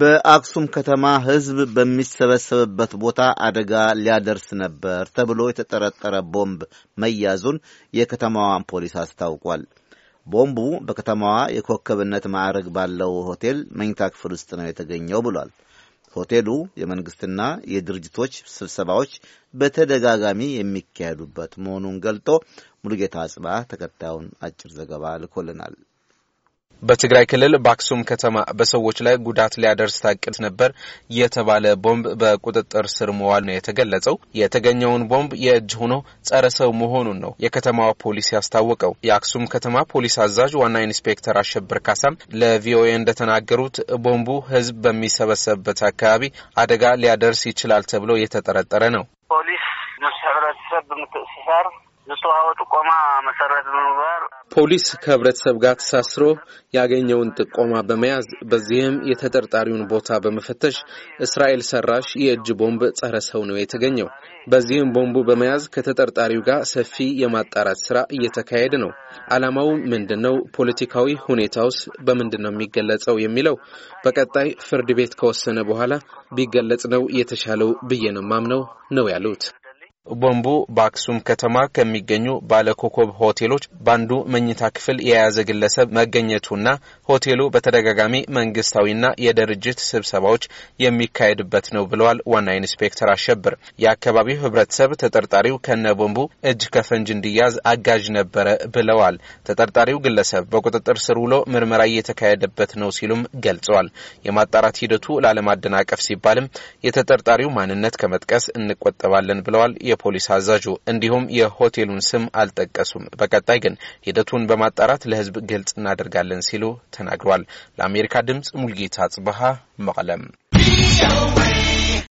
በአክሱም ከተማ ሕዝብ በሚሰበሰብበት ቦታ አደጋ ሊያደርስ ነበር ተብሎ የተጠረጠረ ቦምብ መያዙን የከተማዋን ፖሊስ አስታውቋል። ቦምቡ በከተማዋ የኮከብነት ማዕረግ ባለው ሆቴል መኝታ ክፍል ውስጥ ነው የተገኘው ብሏል። ሆቴሉ የመንግስትና የድርጅቶች ስብሰባዎች በተደጋጋሚ የሚካሄዱበት መሆኑን ገልጦ ሙሉጌታ አጽባ ተከታዩን አጭር ዘገባ ልኮልናል። በትግራይ ክልል በአክሱም ከተማ በሰዎች ላይ ጉዳት ሊያደርስ ታቅድ ነበር የተባለ ቦምብ በቁጥጥር ስር መዋል ነው የተገለጸው። የተገኘውን ቦምብ የእጅ ሆኖ ጸረ ሰው መሆኑን ነው የከተማዋ ፖሊስ ያስታወቀው። የአክሱም ከተማ ፖሊስ አዛዥ ዋና ኢንስፔክተር አሸብር ካሳም ለቪኦኤ እንደተናገሩት ቦምቡ ህዝብ በሚሰበሰብበት አካባቢ አደጋ ሊያደርስ ይችላል ተብሎ የተጠረጠረ ነው። ፖሊስ ምስ ሕብረተሰብ ምስትዋወ ጥቆማ መሰረት ምግባር ፖሊስ ከህብረተሰብ ጋር ተሳስሮ ያገኘውን ጥቆማ በመያዝ በዚህም የተጠርጣሪውን ቦታ በመፈተሽ እስራኤል ሰራሽ የእጅ ቦምብ ጸረ ሰው ነው የተገኘው። በዚህም ቦምቡ በመያዝ ከተጠርጣሪው ጋር ሰፊ የማጣራት ስራ እየተካሄደ ነው። ዓላማው ምንድን ነው? ፖለቲካዊ ሁኔታውስ በምንድን ነው የሚገለጸው? የሚለው በቀጣይ ፍርድ ቤት ከወሰነ በኋላ ቢገለጽ ነው የተሻለው ብዬ ነው ማምነው ነው ያሉት። ቦምቡ በአክሱም ከተማ ከሚገኙ ባለኮከብ ሆቴሎች በአንዱ መኝታ ክፍል የያዘ ግለሰብ መገኘቱና ሆቴሉ በተደጋጋሚ መንግስታዊና የድርጅት ስብሰባዎች የሚካሄድበት ነው ብለዋል ዋና ኢንስፔክተር አሸብር። የአካባቢው ህብረተሰብ ተጠርጣሪው ከነ ቦምቡ እጅ ከፈንጅ እንዲያዝ አጋዥ ነበረ ብለዋል። ተጠርጣሪው ግለሰብ በቁጥጥር ስር ውሎ ምርመራ እየተካሄደበት ነው ሲሉም ገልጸዋል። የማጣራት ሂደቱ ላለማደናቀፍ ሲባልም የተጠርጣሪው ማንነት ከመጥቀስ እንቆጠባለን ብለዋል። የፖሊስ አዛዡ እንዲሁም የሆቴሉን ስም አልጠቀሱም። በቀጣይ ግን ሂደቱን በማጣራት ለህዝብ ግልጽ እናደርጋለን ሲሉ ተናግሯል። ለአሜሪካ ድምጽ ሙልጌታ ጽብሃ መቀለም